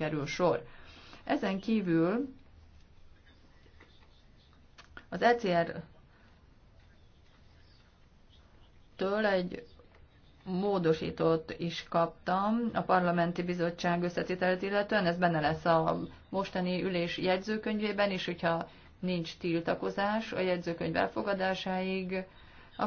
kerül sor. Ezen kívül az ECR től egy módosítót is kaptam a parlamenti bizottság összetételet illetően, ez benne lesz a mostani ülés jegyzőkönyvében, is, hogyha nincs tiltakozás a jegyzőkönyv elfogadásáig,